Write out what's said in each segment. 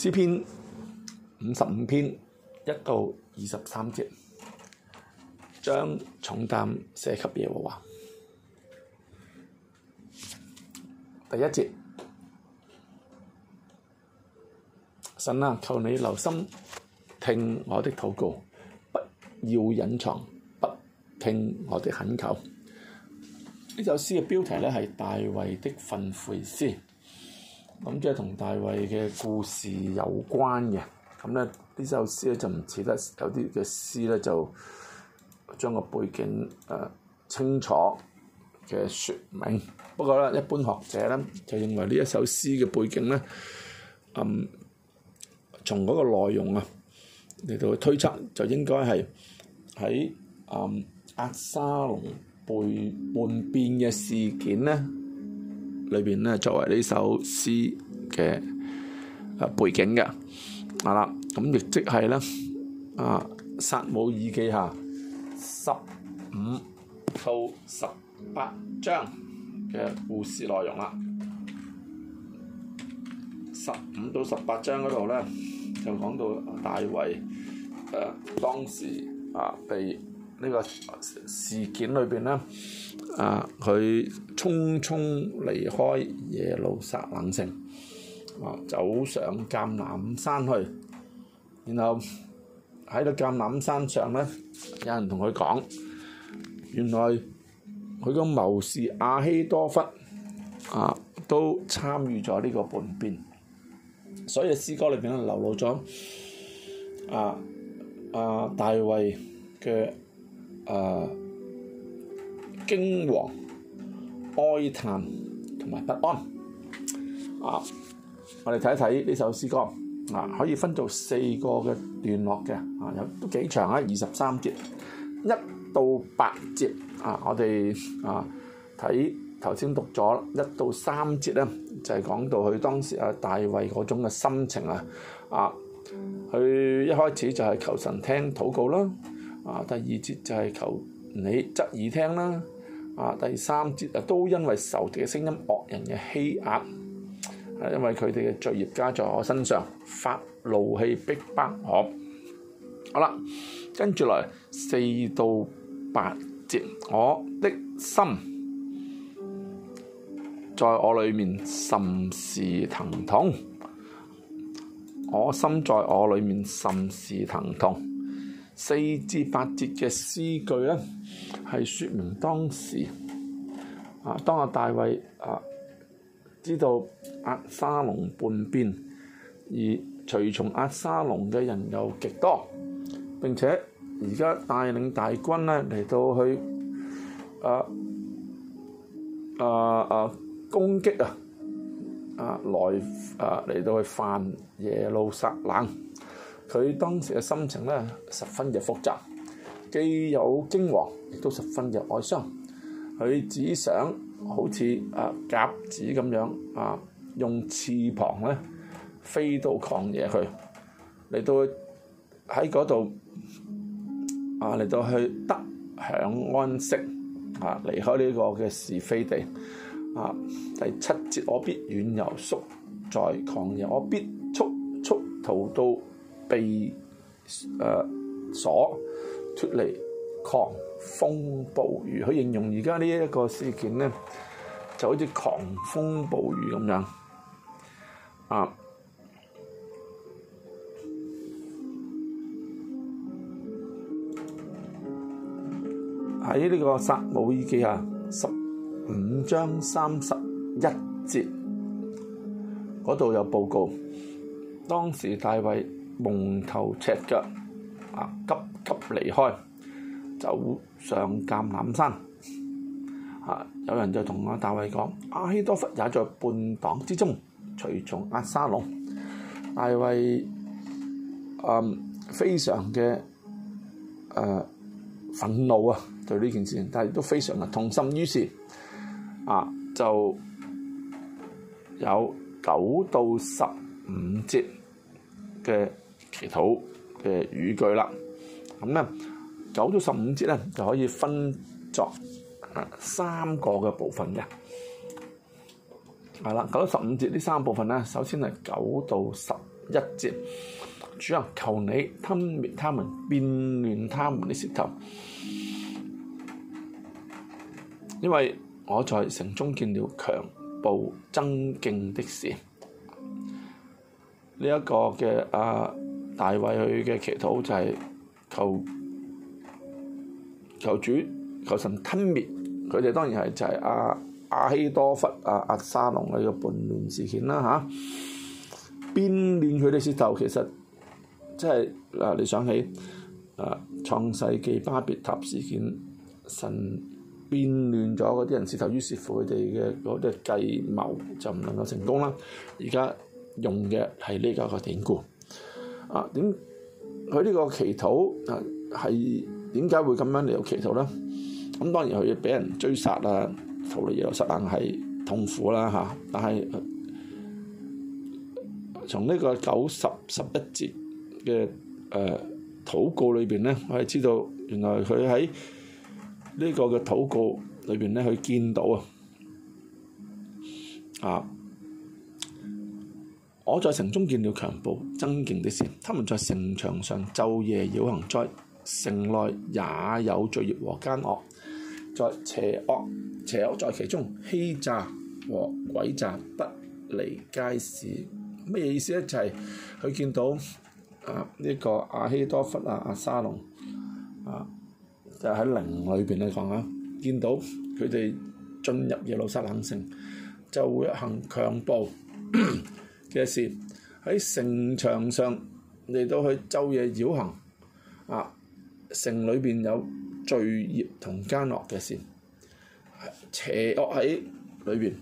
詩篇五十五篇一到二十三節，將重擔卸給耶和華。第一節，神啊，求你留心聽我的禱告，不要隱藏，不聽我的懇求。呢首詩嘅標題咧係《大衛的訓誨詩》。咁即係同大衛嘅故事有關嘅，咁咧呢首詩咧就唔似得有啲嘅詩咧就將個背景誒清楚嘅説明。不過咧，一般學者咧就認為呢一首詩嘅背景咧，嗯，從嗰個內容啊嚟到推測，就應該係喺嗯押沙龍背叛變嘅事件咧。裏面呢作為呢首詩嘅、啊、背景嘅，啊啦，咁亦即係呢，啊撒母耳記下十五到十八章嘅故事內容啦。十五到十八章嗰度呢，就講到大衛誒、啊、當時啊被。呢個事件裏邊呢，啊，佢匆匆離開耶路撒冷城，啊，走上橄欖山去，然後喺度橄欖山上呢，有人同佢講，原來佢個謀士亞希多弗啊都參與咗呢個叛變，所以詩歌裏邊流露咗啊啊，大衛嘅。誒、呃、驚惶、哀嘆同埋不安啊！我哋睇一睇呢首詩歌啊，可以分做四個嘅段落嘅啊，有都幾長啊，二十三節，一到八節啊，我哋啊睇頭先讀咗一到三節咧，就係、是、講到佢當時啊大衛嗰種嘅心情啊啊，佢一開始就係求神聽禱告啦。啊！第二節就係求你側耳聽啦！啊！第三節啊，都因為仇敵嘅聲音，惡人嘅欺壓，因為佢哋嘅罪孽加在我身上，發怒氣逼迫我。好啦，跟住來四到八節，我的心在我裏面甚是疼痛，我心在我裏面甚是疼痛。四至八節嘅詩句咧，係説明，當時啊，當阿大衛啊知道押沙龍叛變，而隨從押沙龍嘅人又極多，並且而家帶領大軍咧嚟到去啊啊啊攻擊啊來啊來啊嚟到去犯耶路撒冷。佢當時嘅心情咧十分嘅複雜，既有驚惶，亦都十分嘅哀傷。佢只想好似啊鴿子咁樣啊，用翅膀咧飛到曠野去，嚟到喺嗰度啊嚟到去得享安息啊，離開呢個嘅是非地啊。第七節，我必遠遊，宿在曠野，我必速速逃到。被誒、呃、所脱離狂風暴雨，佢形容而家呢一個事件咧，就好似狂風暴雨咁樣啊！喺呢個撒母耳記下，十五章三十一節嗰度有報告，當時大衛。蒙頭赤腳，急急離開，走上橄欖山，啊。有人就同阿大衞講：阿、啊、希多佛也在叛黨之中，隨從押沙龍，大衞、嗯、非常嘅誒、呃、憤怒啊！對呢件事，但係都非常嘅痛心於。於是啊，就有九到十五節嘅。祈禱嘅語句啦，咁咧九到十五節咧就可以分作啊三個嘅部分啊，係啦，九到十五節呢三個部分咧，首先係九到十一節，主啊，求你吞滅他們、變亂他們啲舌頭，因為我在城中見了強暴爭競的事，呢一個嘅啊。大衛佢嘅祈禱就係求求主求神吞滅佢哋，當然係就係、是、阿、啊、亞希多弗啊阿、啊、押沙龍嘅叛亂事件啦嚇。變亂佢哋舌頭，其實即係嗱，你想起啊創世記巴別塔事件，神變亂咗嗰啲人舌頭，於是乎佢哋嘅嗰啲計謀就唔能夠成功啦。而家用嘅係呢個個典故。啊，點佢呢個祈禱啊，係點解會咁樣嚟到祈禱咧？咁、啊、當然佢要俾人追殺逃離又啊，做呢樣嘢實硬係痛苦啦嚇。但、啊、係從呢個九十十一節嘅誒禱告裏邊咧，我係知道原來佢喺呢個嘅禱告裏邊咧，佢見到啊。我在城中見了強暴、爭競的事，他們在城牆上晝夜繞行，在城內也有罪孽和奸惡，在邪惡、邪惡在其中欺詐和詭詐不離街市。咩意思咧？就係佢見到啊呢個亞希多弗啊、亞撒龍啊，就喺靈裏邊嚟講啊，見到佢哋進入耶路撒冷城，就會行強暴。嘅事喺城牆上嚟到去晝夜繞行啊！城裏邊有罪孽同奸惡嘅事，邪惡喺裏邊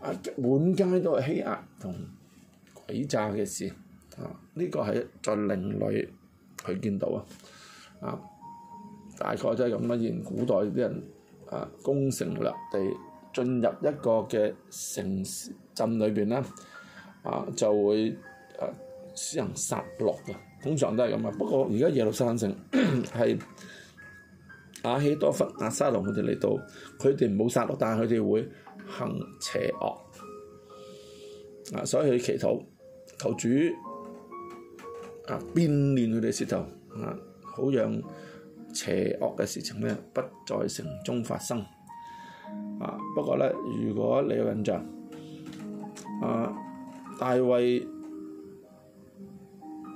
啊！滿街都係欺壓同詭詐嘅事啊！呢個係在靈裏佢見到啊！啊，大概就係咁啦。現古代啲人啊，攻城掠地，進入一個嘅城鎮裏邊咧。啊，就會誒使人殺戮嘅，通常都係咁啊。不過而家耶路撒冷城係亞希多弗、押沙龍佢哋嚟到，佢哋冇殺戮，但係佢哋會行邪惡啊。所以佢祈禱求主啊，變亂佢哋舌頭啊，好讓邪惡嘅事情咧不在城中發生啊。不過咧，如果你有印象啊～大衛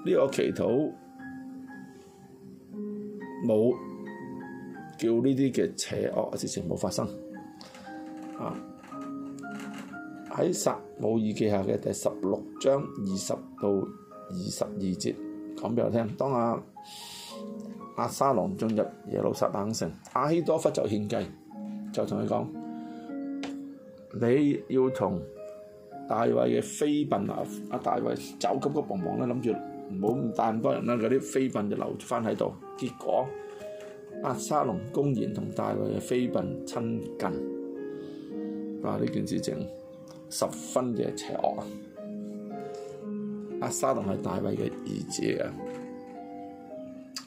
呢個祈禱冇叫呢啲嘅邪惡嘅事情冇發生啊！喺撒母耳記下嘅第十六章二十到二十二節講畀我聽，當阿阿沙龍進入耶路撒冷城，亞希多弗就獻計，就同佢講，你要同。大衛嘅妃嬪啊！啊，大衛走急急忙忙咧，諗住唔好帶咁多人啦，嗰啲妃嬪就留翻喺度。結果阿沙龍公然同大衛嘅妃嬪親近，啊！呢件事情十分嘅邪惡。阿沙龍係大衛嘅兒子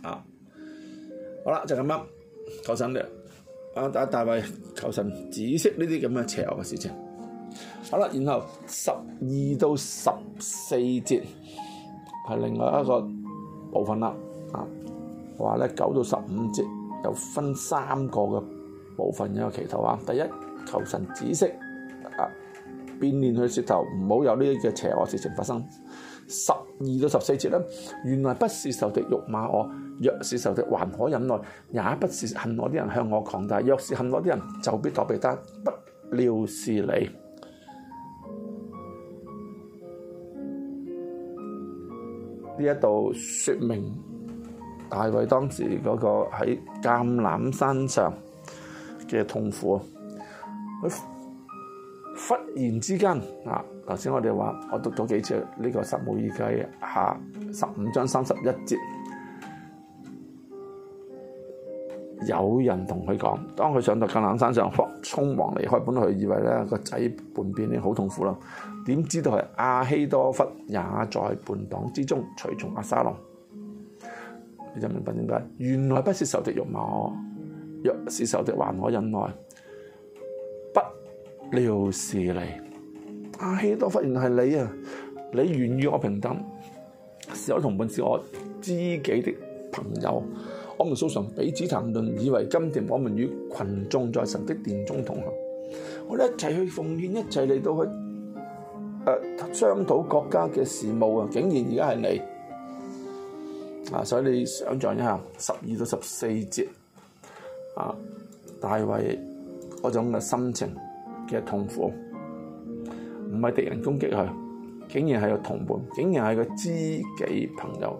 啊，好啦，就咁啦，求神咧，阿、啊、大大衛，求神止息呢啲咁嘅邪惡嘅事情。好啦，然後十二到十四節係另外一個部分啦。啊，我話咧九到十五節又分三個嘅部分，一個祈禱啊。第一求神指示啊，變練佢舌頭，唔好有呢啲嘅邪惡事情發生。十二到十四節咧，原來不是仇敵辱罵我，若是仇敵還可忍耐，也不是恨我啲人向我狂大，若是恨我啲人就必躲避他，不料是你。呢一度説明大衛當時嗰個喺橄欖山上嘅痛苦，佢忽然之間啊，頭先我哋話我讀咗幾次呢、這個撒母耳記下十五章三十一節。有人同佢講，當佢上到橄欖山上，匆忙離開，本來以為呢個仔叛變咧好痛苦咯，點知道係亞希多弗也在叛黨之中，隨從押沙龍。你就明白點解？原來不是仇敵辱罵，若是仇敵還可忍耐，不料是你。亞希多弗原來係你啊！你原與我平等，是我同伴，是我知己的朋友。我們素常彼此談論，以為今天我們與群眾在神的殿中同行，我哋一齊去奉獻，一齊嚟到去、呃、商討國家嘅事務啊！竟然而家係你啊！所以你想象一下，十二到十四節啊，大衛嗰種嘅心情嘅痛苦，唔係敵人攻擊佢，竟然係個同伴，竟然係個知己朋友。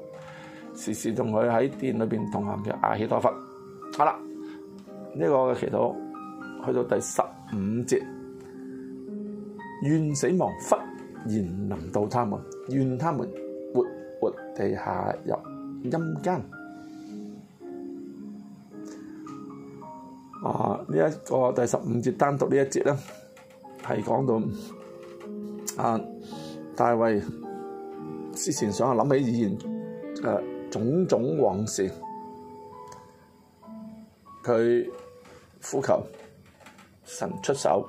時時同佢喺殿裏邊同行嘅亞希多弗，好啦，呢、這個祈禱去到第十五節，願死亡忽然臨到他們，願他們活活地下入陰間。啊、呃，呢、這、一個第十五節單獨呢一節咧，係講到啊、呃，大衛之前想諗起以前誒。呃種種往事，佢呼求神出手，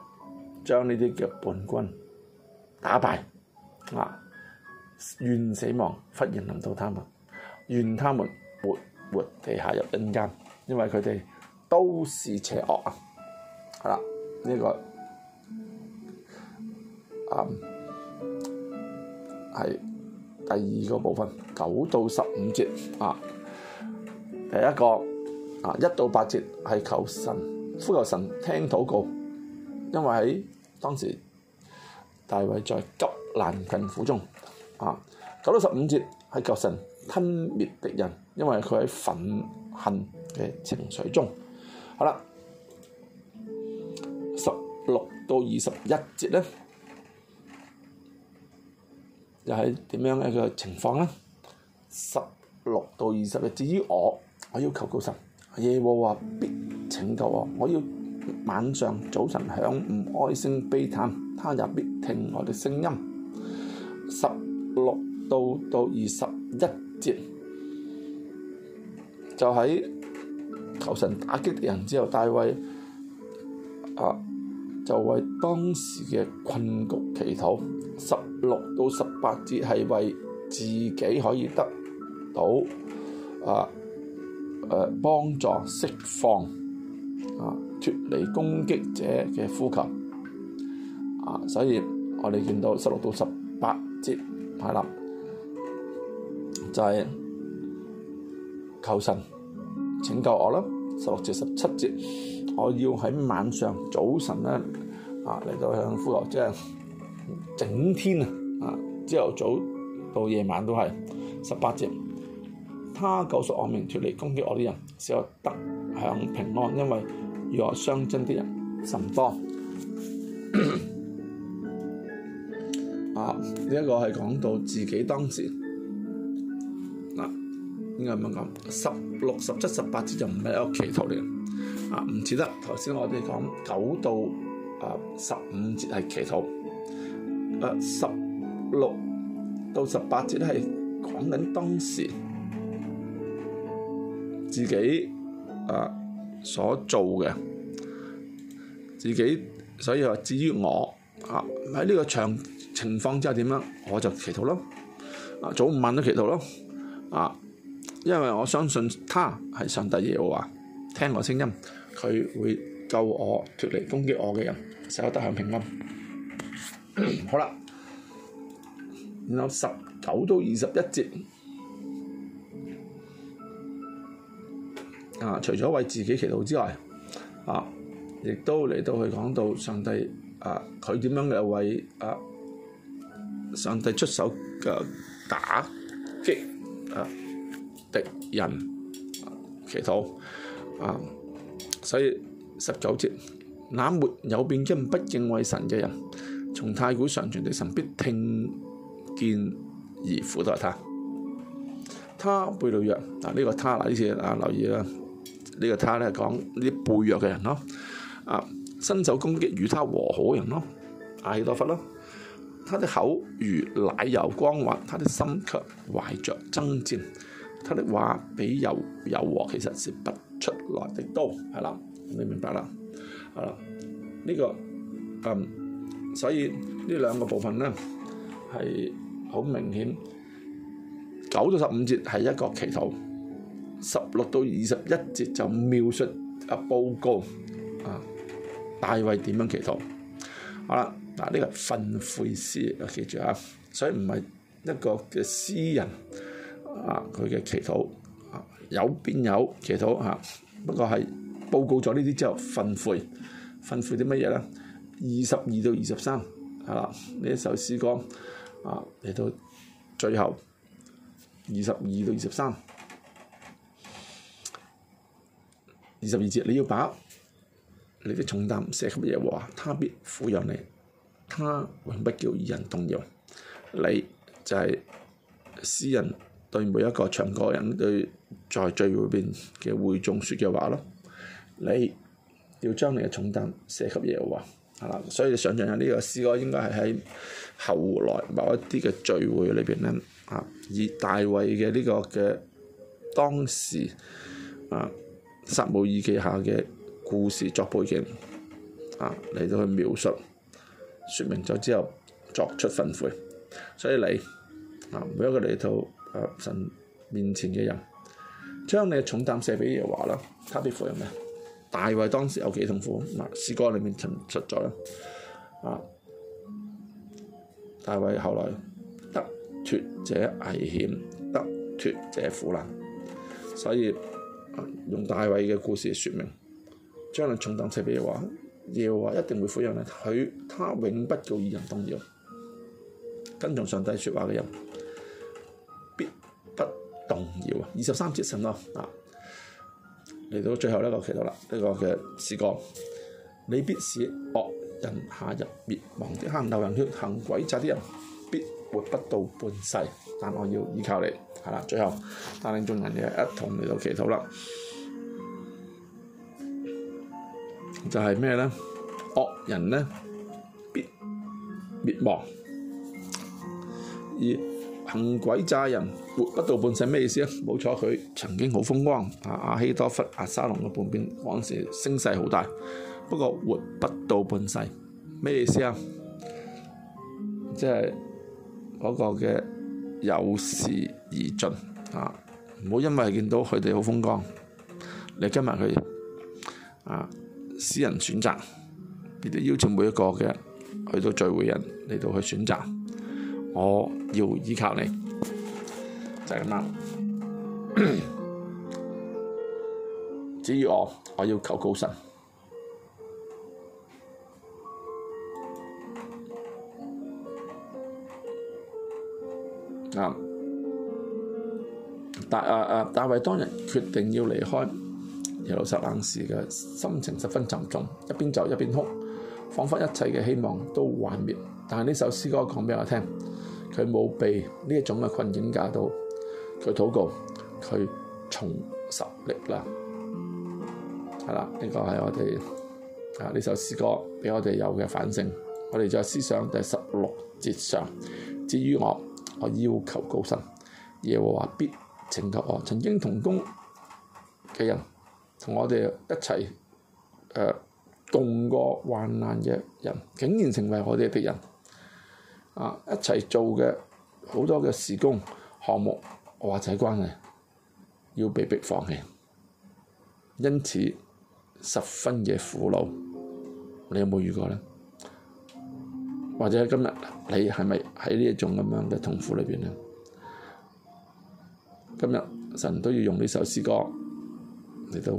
將呢啲叫叛軍打敗啊！願死亡忽然臨到他們，願他們活活地下入陰間，因為佢哋都是邪惡啊！好啦，呢個啊係。第二個部分，九到十五節啊，第一個啊一到八節係求神呼求神聽禱告，因為喺當時大衛在急難困苦中啊。九到十五節係求神吞滅敵人，因為佢喺憤恨嘅情緒中。好啦，十六到二十一節咧。又係點樣一個情況呢？十六到二十日，21, 至於我，我要求告神，耶和華必拯救我。我要晚上、早晨響唔哀聲悲嘆，他也必聽我的聲音。十六到到二十一節，就喺求神打擊敵人之後，大衛啊，就為當時嘅困局祈禱十六到十八節係為自己可以得到，啊，誒，幫助釋放啊，脱離攻擊者嘅呼求啊，所以我哋見到十六到十八節係立就係、是、求神拯救我啦。十六至十七節，我要喺晚上、早晨咧啊，嚟到向呼求，即整天啊，啊，朝頭早到夜晚都係，十八節。他告訴我明，明脱離攻擊我啲人，使我得享平安，因為與我相爭啲人甚多。 啊，呢、這、一個係講到自己當時嗱、啊，應該咁講，十六、十七、十八節就唔係一個祈禱嚟嘅啊，唔似得頭先我哋講九到啊十五節係祈禱。十六到十八節都係講緊當時自己誒所做嘅，自己所以話至於我啊喺呢個場情況之下點樣，我就祈禱咯，早午晚都祈禱咯，啊，因為我相信他係上帝耶和華，聽我聲音，佢會救我脫離攻擊我嘅人，使我得享平安。 好啦，然後十九到二十一節啊，除咗為自己祈禱之外，啊，亦都嚟到去講到上帝啊，佢點樣嘅為啊上帝出手嘅打擊啊敵人祈禱啊，所以十九節，那沒有更變不敬畏神嘅人。從太古上傳的神必聽見而苦待他。他背了約。嗱、這、呢個他嗱呢次啊留意啦，呢、這個他呢講呢啲背約嘅人咯，啊伸手攻擊與他和好嘅人咯，阿、啊、希多弗咯。他的口如奶油光滑，他的心卻懷着爭戰，他的話比油柔和，其實是不出來的刀，係啦，你明白啦，係啦，呢、這個嗯。所以呢兩個部分呢係好明顯，九到十五節係一個祈禱，十六到二十一節就描述啊報告啊，大衛點樣祈禱？好啦，嗱、這、呢個憤悔詩啊記住啊，所以唔係一個嘅詩人啊佢嘅祈禱啊有邊有祈禱啊？不過係報告咗呢啲之後憤悔，憤悔啲乜嘢咧？二十二到二十三，係啦。呢一首詩歌啊，嚟到最後二十二到二十三，二十二節你要把你的重擔卸給耶和華，他必撫養你，他永不叫義人動搖。你就係詩人對每一個唱歌人對在最裏邊嘅會眾説嘅話咯。你要將你嘅重擔卸給耶和華。所以你想象下呢個詩歌應該係喺後來某一啲嘅聚會裏邊咧，啊，以大衛嘅呢個嘅當時啊撒母耳記下嘅故事作背景，啊嚟到去描述、説明咗之後作出悔，所以你啊每一個嚟到啊神面前嘅人，將你嘅重擔卸俾耶和華啦，他必負任咩？大衛當時有幾痛苦，嗱，詩歌裏面曾出咗，啊，大衛後來得脫者危險，得脫者苦難，所以用大衛嘅故事說明，將來重擔卸畀嘅話，耶和華一定會撫養佢，佢他，他永不叫義人動搖，跟從上帝說話嘅人必不動搖啊，二十三節神啊，啊。嚟到最後一個祈禱啦，呢個嘅詩歌，你必是惡人下入滅亡的坑，流人血、行詭詐啲人必活不到半世，但我要依靠你，係啦，最後帶領眾人嘅一同嚟到祈禱啦，就係咩咧？惡人咧必滅亡。鬼詐人活不到半世咩意思啊？冇錯，佢曾經好風光，阿阿希多佛、阿沙龍嘅半邊往事聲勢好大，不過活不到半世咩意思，就是，那啊？即係嗰個嘅有時而盡啊！唔好因為見到佢哋好風光，你今日去啊，私人選擇，亦都邀請每一個嘅去到聚會人嚟到去選擇。我要依靠你，就係咁啦。至於我，我要求告神、嗯、啊，啊。大衛當日決定要離開耶路撒冷時嘅心情十分沉重，一邊走一邊哭，彷彿一切嘅希望都幻滅。但係呢首詩歌講畀我聽。佢冇被呢一種嘅困境架到，佢禱告，佢重拾力量啦，係啦，呢個係我哋啊，呢首詩歌畀我哋有嘅反省。我哋再思想第十六節上，至於我，我要求告神，耶和華必拯救我。曾經同工嘅人，同我哋一齊誒、呃、共過患難嘅人，竟然成為我哋嘅敵人。啊！一齊做嘅好多嘅事工項目，或者關係要被迫放棄，因此十分嘅苦惱。你有冇遇過呢？或者今日你係咪喺呢一種咁樣嘅痛苦裏面呢？今日神都要用呢首詩歌嚟到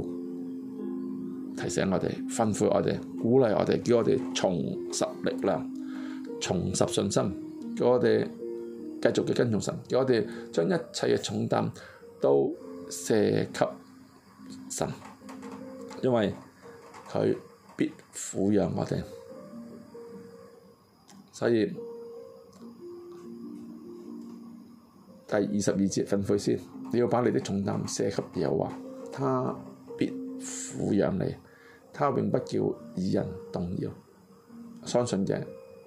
提醒我哋、吩咐我哋、鼓勵我哋，叫我哋重拾力量。重拾信心，叫我哋繼續嘅跟從神，叫我哋將一切嘅重擔都卸給神，因為佢必撫養我哋。所以第二十二節憤悔先，你要把你的重擔卸給耶和華，他必撫養你，他永不叫義人動搖。相信嘅。